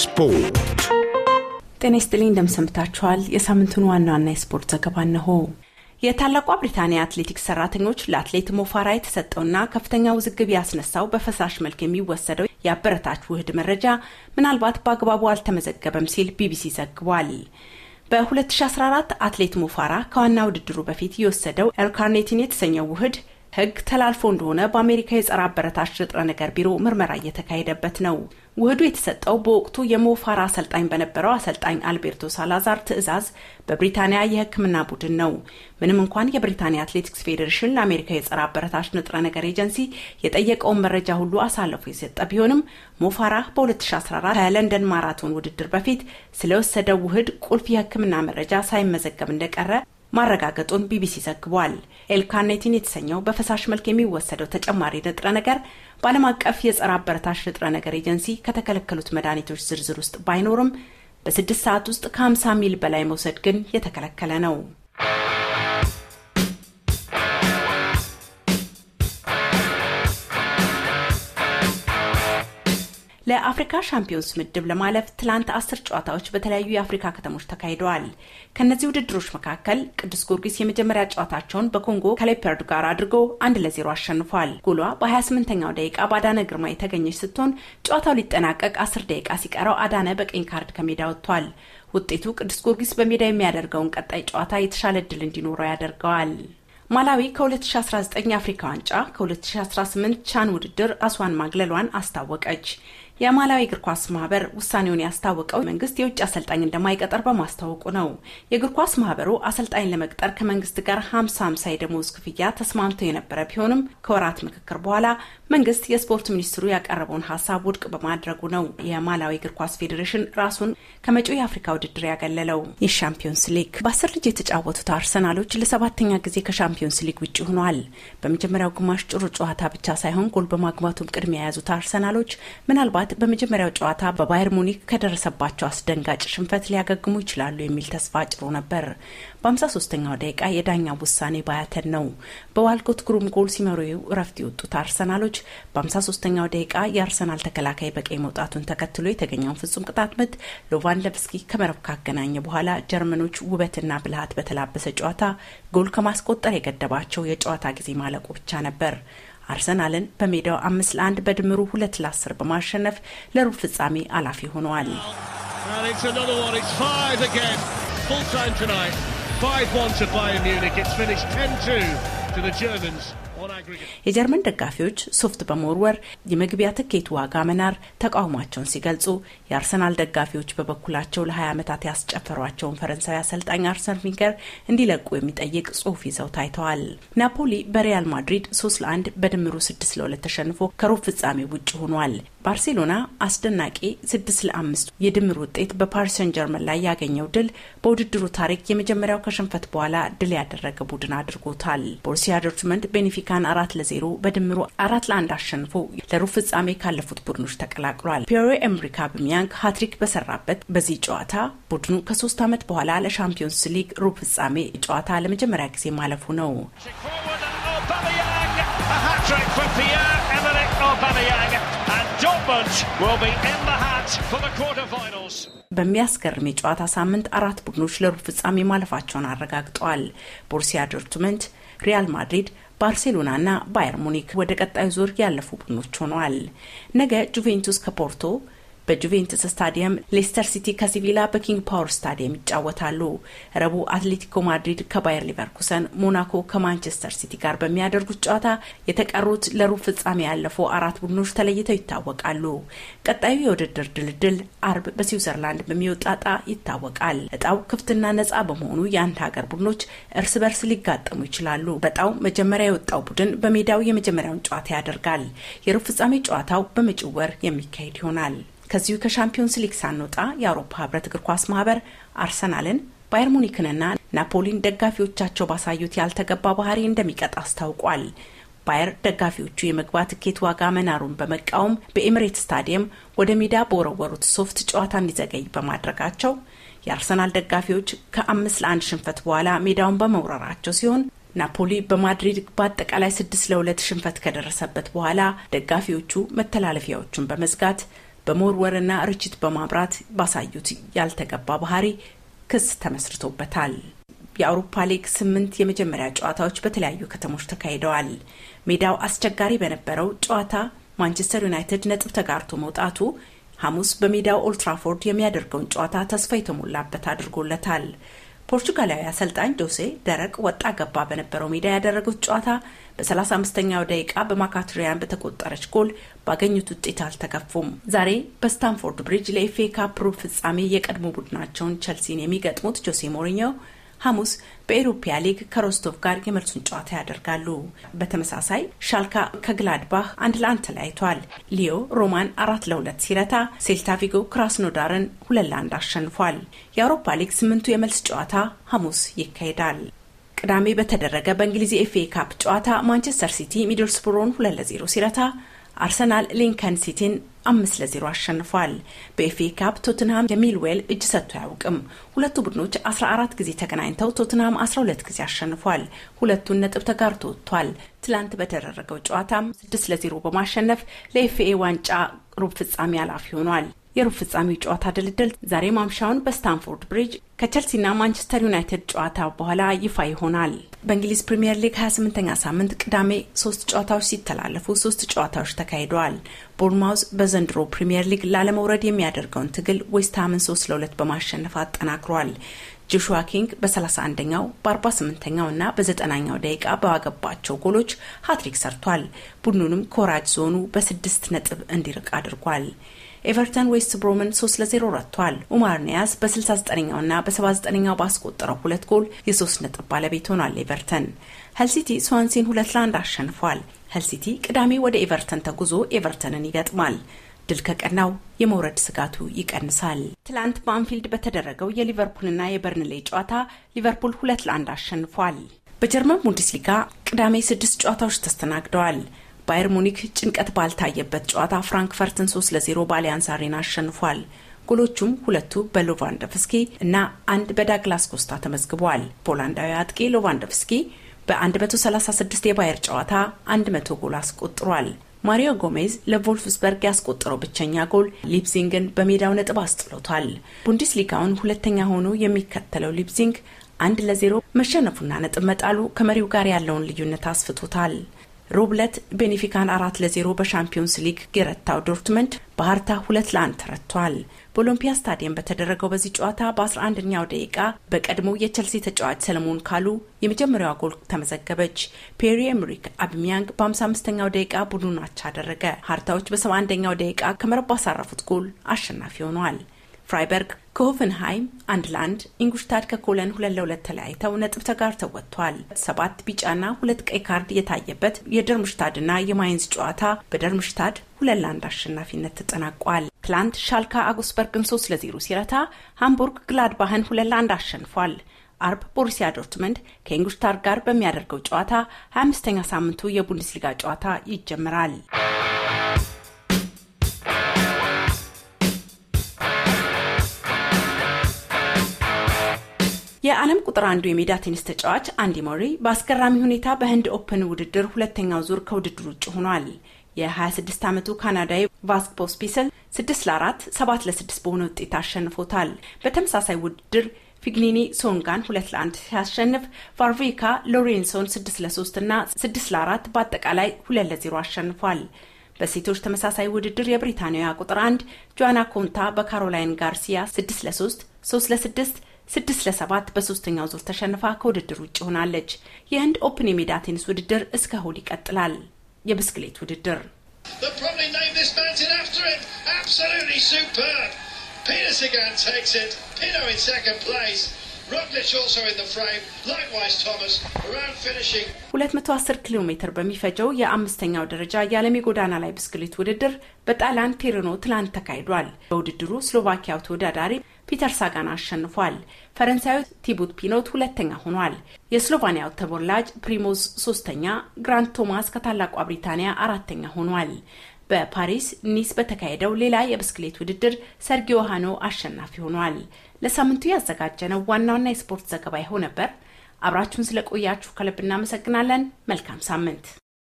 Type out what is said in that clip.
ስፖርት ጤና ይስጥልኝ። እንደምሰምታችኋል። የሳምንቱን ዋና ዋና የስፖርት ዘገባ እነሆ። የታላቋ ብሪታንያ አትሌቲክስ ሰራተኞች ለአትሌት ሞፋራ የተሰጠውና ከፍተኛ ውዝግብ ያስነሳው በፈሳሽ መልክ የሚወሰደው የአበረታች ውህድ መረጃ ምናልባት በአግባቡ አልተመዘገበም ሲል ቢቢሲ ዘግቧል። በ2014 አትሌት ሞፋራ ከዋና ውድድሩ በፊት የወሰደው ኤልካርኔቲን የተሰኘው ውህድ ህግ ተላልፎ እንደሆነ በአሜሪካ የጸረ አበረታች ንጥረ ነገር ቢሮ ምርመራ እየተካሄደበት ነው። ውህዱ የተሰጠው በወቅቱ የሞፋራ አሰልጣኝ በነበረው አሰልጣኝ አልቤርቶ ሳላዛር ትዕዛዝ በብሪታንያ የሕክምና ቡድን ነው። ምንም እንኳን የብሪታንያ አትሌቲክስ ፌዴሬሽን ለአሜሪካ የጸረ አበረታች ንጥረ ነገር ኤጀንሲ የጠየቀውን መረጃ ሁሉ አሳልፎ የሰጠ ቢሆንም ሞፋራ በ2014 ከለንደን ማራቶን ውድድር በፊት ስለወሰደው ውህድ ቁልፍ የሕክምና መረጃ ሳይመዘገብ እንደቀረ ማረጋገጡን ቢቢሲ ዘግቧል። ኤልካርኔቲን የተሰኘው በፈሳሽ መልክ የሚወሰደው ተጨማሪ ንጥረ ነገር በዓለም አቀፍ የጸረ አበረታሽ ንጥረ ነገር ኤጀንሲ ከተከለከሉት መድኃኒቶች ዝርዝር ውስጥ ባይኖርም በስድስት ሰዓት ውስጥ ከ50 ሚል በላይ መውሰድ ግን የተከለከለ ነው። ለአፍሪካ ሻምፒዮንስ ምድብ ለማለፍ ትላንት አስር ጨዋታዎች በተለያዩ የአፍሪካ ከተሞች ተካሂደዋል። ከእነዚህ ውድድሮች መካከል ቅዱስ ጊዮርጊስ የመጀመሪያ ጨዋታቸውን በኮንጎ ከሌፐርድ ጋር አድርጎ አንድ ለዜሮ አሸንፏል። ጎሏ በ28ኛው ደቂቃ በአዳነ ግርማ የተገኘች ስትሆን ጨዋታው ሊጠናቀቅ አስር ደቂቃ ሲቀረው አዳነ በቀኝ ካርድ ከሜዳ ወጥቷል። ውጤቱ ቅዱስ ጊዮርጊስ በሜዳ የሚያደርገውን ቀጣይ ጨዋታ የተሻለ እድል እንዲኖረው ያደርገዋል። ማላዊ ከ2019 የአፍሪካ ዋንጫ ከ2018 ቻን ውድድር አስዋን ማግለሏን አስታወቀች። የማላዊ እግር ኳስ ማህበር ውሳኔውን ያስታወቀው መንግስት የውጭ አሰልጣኝ እንደማይቀጠር በማስታወቁ ነው። የእግር ኳስ ማህበሩ አሰልጣኝ ለመቅጠር ከመንግስት ጋር 5 ሀምሳ የደሞዝ ክፍያ ተስማምቶ የነበረ ቢሆንም ከወራት ምክክር በኋላ መንግስት የስፖርት ሚኒስትሩ ያቀረበውን ሀሳብ ውድቅ በማድረጉ ነው የማላዊ እግር ኳስ ፌዴሬሽን ራሱን ከመጪው የአፍሪካ ውድድር ያገለለው። የሻምፒዮንስ ሊግ በአስር ልጅ የተጫወቱት አርሰናሎች ለሰባተኛ ጊዜ ከሻምፒዮንስ ሊግ ውጭ ሆኗል። በመጀመሪያው ግማሽ ጥሩ ጨዋታ ብቻ ሳይሆን ጎል በማግባቱም ቅድሚያ የያዙት አርሰናሎች ምናልባት ሰዓት በመጀመሪያው ጨዋታ በባየር ሙኒክ ከደረሰባቸው አስደንጋጭ ሽንፈት ሊያገግሙ ይችላሉ የሚል ተስፋ ጭሮ ነበር። በ53ኛው ደቂቃ የዳኛ ውሳኔ ባያተን ነው። በዋልኮት ግሩም ጎል ሲመሩ እረፍት የወጡት አርሰናሎች በ53ኛው ደቂቃ የአርሰናል ተከላካይ በቀይ መውጣቱን ተከትሎ የተገኘውን ፍጹም ቅጣት ምት ሎቫንዶቭስኪ ከመረብ ካገናኘ በኋላ ጀርመኖች ውበትና ብልሃት በተላበሰ ጨዋታ ጎል ከማስቆጠር የገደባቸው የጨዋታ ጊዜ ማለቁ ብቻ ነበር። አርሰናልን በሜዳው አምስት ለአንድ በድምሩ ሁለት ለአስር በማሸነፍ ለሩብ ፍጻሜ አላፊ ሆነዋል። የጀርመን ደጋፊዎች ሶፍት በመወርወር የመግቢያ ትኬት ዋጋ መናር ተቃውሟቸውን ሲገልጹ፣ የአርሰናል ደጋፊዎች በበኩላቸው ለ20 ዓመታት ያስጨፈሯቸውን ፈረንሳዊ አሰልጣኝ አርሰን ቪንገር እንዲለቁ የሚጠይቅ ጽሑፍ ይዘው ታይተዋል። ናፖሊ በሪያል ማድሪድ 3 ለ1 በድምሩ 6 ለ2 ተሸንፎ ከሩብ ፍጻሜ ውጭ ሆኗል። ባርሴሎና አስደናቂ ስድስት ለአምስት የድምር ውጤት በፓሪሰን ጀርመን ላይ ያገኘው ድል በውድድሩ ታሪክ የመጀመሪያው ከሽንፈት በኋላ ድል ያደረገ ቡድን አድርጎታል። ቦሩሲያ ዶርትመንድ ቤኔፊካን አራት ለዜሮ በድምሩ አራት ለአንድ አሸንፎ ለሩብ ፍጻሜ ካለፉት ቡድኖች ተቀላቅሏል። ፒሮ ኤምሪካ አውባሜያንግ ሀትሪክ በሰራበት በዚህ ጨዋታ ቡድኑ ከሶስት ዓመት በኋላ ለሻምፒዮንስ ሊግ ሩብ ፍጻሜ ጨዋታ ለመጀመሪያ ጊዜ ማለፉ ነው። በሚያስገርም የጨዋታ ሳምንት አራት ቡድኖች ለሩብ ፍጻሜ ማለፋቸውን አረጋግጠዋል። ቦርሲያ ዶርትመንት፣ ሪያል ማድሪድ፣ ባርሴሎና እና ባየር ሙኒክ ወደ ቀጣዩ ዙር ያለፉ ቡድኖች ሆነዋል። ነገ ጁቬንቱስ ከፖርቶ በጁቬንትስ ስታዲየም፣ ሌስተር ሲቲ ከሲቪላ በኪንግ ፓወር ስታዲየም ይጫወታሉ። ረቡዕ አትሌቲኮ ማድሪድ ከባየር ሊቨርኩሰን፣ ሞናኮ ከማንቸስተር ሲቲ ጋር በሚያደርጉት ጨዋታ የተቀሩት ለሩብ ፍጻሜ ያለፉ አራት ቡድኖች ተለይተው ይታወቃሉ። ቀጣዩ የውድድር ድልድል አርብ በስዊዘርላንድ በሚወጣ ዕጣ ይታወቃል። እጣው ክፍትና ነጻ በመሆኑ የአንድ ሀገር ቡድኖች እርስ በርስ ሊጋጠሙ ይችላሉ። በጣው መጀመሪያ የወጣው ቡድን በሜዳው የመጀመሪያውን ጨዋታ ያደርጋል። የሩብ ፍጻሜ ጨዋታው በመጪው ወር የሚካሄድ ይሆናል። ከዚሁ ከሻምፒዮንስ ሊግ ሳንወጣ የአውሮፓ ህብረት እግር ኳስ ማህበር አርሰናልን ባየር ሙኒክንና ናፖሊን ደጋፊዎቻቸው ባሳዩት ያልተገባ ባህሪ እንደሚቀጥ አስታውቋል። ባየር ደጋፊዎቹ የመግባት ትኬት ዋጋ መናሩን በመቃወም በኤምሬት ስታዲየም ወደ ሜዳ በወረወሩት ሶፍት ጨዋታ እንዲዘገይ በማድረጋቸው የአርሰናል ደጋፊዎች ከአምስት ለአንድ ሽንፈት በኋላ ሜዳውን በመውረራቸው ሲሆን ናፖሊ በማድሪድ በአጠቃላይ ስድስት ለሁለት ሽንፈት ከደረሰበት በኋላ ደጋፊዎቹ መተላለፊያዎቹን በመዝጋት በመወርወርና ርችት በማብራት ባሳዩት ያልተገባ ባህሪ ክስ ተመስርቶበታል። የአውሮፓ ሊግ ስምንት የመጀመሪያ ጨዋታዎች በተለያዩ ከተሞች ተካሂደዋል። ሜዳው አስቸጋሪ በነበረው ጨዋታ ማንቸስተር ዩናይትድ ነጥብ ተጋርቶ መውጣቱ ሐሙስ በሜዳው ኦልትራፎርድ የሚያደርገውን ጨዋታ ተስፋ የተሞላበት አድርጎለታል። ፖርቹጋላዊ አሰልጣኝ ጆሴ ደረቅ ወጣ ገባ በነበረው ሜዳ ያደረጉት ጨዋታ በ35ኛው ደቂቃ በማካትሪያን በተቆጠረች ጎል ባገኙት ውጤት አልተከፉም። ዛሬ በስታንፎርድ ብሪጅ ለኤፍኤ ካፕ ሩብ ፍጻሜ የቀድሞ ቡድናቸውን ቸልሲን የሚገጥሙት ጆሴ ሞሪኛው ሐሙስ በኤሮፓ ሊግ ከሮስቶቭ ጋር የመልሱን ጨዋታ ያደርጋሉ። በተመሳሳይ ሻልካ ከግላድባህ አንድ ለአንድ ተለያይቷል። ሊዮ ሮማን አራት ለሁለት ሲረታ፣ ሴልታ ቪጎ ክራስኖዳርን ሁለት ለአንድ አሸንፏል። የአውሮፓ ሊግ ስምንቱ የመልስ ጨዋታ ሐሙስ ይካሄዳል። ቅዳሜ በተደረገ በእንግሊዝ የኤፍኤ ካፕ ጨዋታ ማንቸስተር ሲቲ ሚድልስብሮን ሁለት ለዜሮ ሲረታ፣ አርሰናል ሊንከን ሲቲን አምስት ለዜሮ አሸንፏል። በኤፍኤ ካፕ ቶትንሃም የሚልዌል እጅ ሰጥቶ አያውቅም። ሁለቱ ቡድኖች 14 ጊዜ ተገናኝተው ቶትንሃም 12 ጊዜ አሸንፏል። ሁለቱን ነጥብ ተጋርቶ ወጥቷል። ትላንት በተደረገው ጨዋታም 6 ለዜሮ በማሸነፍ ለኤፍኤ ዋንጫ ሩብ ፍጻሜ አላፊ ሆኗል። የሩብ ፍጻሜ ጨዋታ ድልድል ዛሬ ማምሻውን በስታንፎርድ ብሪጅ ከቸልሲና ማንቸስተር ዩናይትድ ጨዋታ በኋላ ይፋ ይሆናል። በእንግሊዝ ፕሪምየር ሊግ 28ኛ ሳምንት ቅዳሜ ሶስት ጨዋታዎች ሲተላለፉ ሶስት ጨዋታዎች ተካሂደዋል። ቦርማውዝ በዘንድሮ ፕሪምየር ሊግ ላለመውረድ የሚያደርገውን ትግል ዌስትሃምን 3 ለ2 በማሸነፍ አጠናክሯል። ጆሹዋ ኪንግ በ31ኛው በ48ኛው እና በ90ኛው ደቂቃ በዋገባቸው ጎሎች ሃትሪክ ሰርቷል። ቡድኑንም ከወራጅ ዞኑ በስድስት ነጥብ እንዲርቅ አድርጓል። ኤቨርተን ዌስት ብሮምን 3 ለ0 ረጥቷል። ኡማር ኒያስ በ69ኛው ና በ79ኛው ባስቆጠረው ሁለት ጎል የ የ3 ነጥብ ባለቤት ሆኗል። ኤቨርተን ሀል ሲቲ ስዋንሲን ሁለት ለአንድ አሸንፏል። ሄልሲቲ ቅዳሜ ወደ ኤቨርተን ተጉዞ ኤቨርተንን ይገጥማል። ድል ከቀናው የመውረድ ስጋቱ ይቀንሳል። ትላንት በአንፊልድ በተደረገው የሊቨርፑልና የበርንሌ ጨዋታ ሊቨርፑል ሁለት ለአንድ አሸንፏል። በጀርመን ቡንደስሊጋ ቅዳሜ ስድስት ጨዋታዎች ተስተናግደዋል። ባየር ሙኒክ ጭንቀት ባልታየበት ጨዋታ ፍራንክፈርትን 3 ለ0 ባሊያንስ አሬና አሸንፏል። ጎሎቹም ሁለቱ በሎቫንዶቭስኪ እና አንድ በዳግላስ ኮስታ ተመዝግበዋል። ፖላንዳዊ አጥቂ ሎቫንዶቭስኪ በ136 የባየር ጨዋታ 100 ጎል አስቆጥሯል። ማሪዮ ጎሜዝ ለቮልፍስበርግ ያስቆጠረው ብቸኛ ጎል ሊፕዚንግን በሜዳው ነጥብ አስጥሎታል። ቡንደስሊጋውን ሁለተኛ ሆኖ የሚከተለው ሊፕዚንግ አንድ ለዜሮ መሸነፉና ነጥብ መጣሉ ከመሪው ጋር ያለውን ልዩነት አስፍቶታል። ሩብለት ቤኔፊካን አራት ለዜሮ በሻምፒዮንስ ሊግ የረታው ዶርትመንድ በሀርታ ሁለት ለአንድ ተረቷል። በኦሎምፒያ ስታዲየም በተደረገው በዚህ ጨዋታ በ11ኛው ደቂቃ በቀድሞው የቸልሲ ተጫዋች ሰለሞን ካሉ የመጀመሪያዋ ጎል ተመዘገበች። ፔሪ ኤምሪክ አብሚያንግ በ55ኛው ደቂቃ ቡድኑን አቻ አደረገ። ሀርታዎች በ71ኛው ደቂቃ ከመረብ ባሳረፉት ጎል አሸናፊ ሆኗል። ፍራይበርግ ከሆፈንሃይም አንድ ለአንድ፣ ኢንጉሽታድ ከኮለን ሁለት ለሁለት ተለያይተው ነጥብ ተጋርተው ወጥቷል። ሰባት ቢጫና ሁለት ቀይ ካርድ የታየበት የደርምሽታድና የማይንዝ ጨዋታ በደርምሽታድ ሁለት ለአንድ አሸናፊነት ተጠናቋል። ትላንት ሻልካ አጉስበርግን ሶስት ለዜሮ ሲረታ ሃምቡርግ ግላድባህን ሁለት ለአንድ አሸንፏል። አርብ ቦሩሲያ ዶርትመንድ ከኢንጉሽታድ ጋር በሚያደርገው ጨዋታ 25ኛ ሳምንቱ የቡንደስሊጋ ጨዋታ ይጀምራል። የዓለም ቁጥር አንዱ የሜዳ ቴኒስ ተጫዋች አንዲ ሞሪ በአስገራሚ ሁኔታ በህንድ ኦፕን ውድድር ሁለተኛው ዙር ከውድድር ውጭ ሆኗል። የ26 ዓመቱ ካናዳዊ ቫስክ ፒስል 6 ለ4፣ 7 ለ6 በሆነ ውጤት አሸንፎታል። በተመሳሳይ ውድድር ፊግሊኒ ሶንጋን 2 ለ1 ሲያሸንፍ ቫርቬካ ሎሬንሶን 6 ለ3 እና 6 ለ4 በአጠቃላይ 2 ለ0 አሸንፏል። በሴቶች ተመሳሳይ ውድድር የብሪታንያ ቁጥር 1 ጆዋና ኮንታ በካሮላይን ጋርሲያ 6 ለ3፣ 3 ለ6 ስድስት ለሰባት በሶስተኛው ዙር ተሸንፋ ከውድድር ውጭ ሆናለች። የህንድ ኦፕን የሜዳ ቴኒስ ውድድር እስከ እሁድ ይቀጥላል። የብስክሌት ውድድር ሁለት መቶ አስር ኪሎ ሜትር በሚፈጀው የአምስተኛው ደረጃ የዓለም የጎዳና ላይ ብስክሌት ውድድር በጣሊያን ቴርኖ ትላንት ተካሂዷል። በውድድሩ ስሎቫኪያው ተወዳዳሪ ፒተር ሳጋን አሸንፏል። ፈረንሳዩ ቲቡት ፒኖት ሁለተኛ ሆኗል። የስሎቫኒያው ተወላጅ ፕሪሞዝ ሶስተኛ፣ ግራንት ቶማስ ከታላቋ ብሪታንያ አራተኛ ሆኗል። በፓሪስ ኒስ በተካሄደው ሌላ የብስክሌት ውድድር ሰርጊዮ ሃኖ አሸናፊ ሆኗል። ለሳምንቱ ያዘጋጀነው ዋና ዋና የስፖርት ዘገባ ይኸው ነበር። አብራችሁን ስለቆያችሁ ከልብ እናመሰግናለን። መልካም ሳምንት።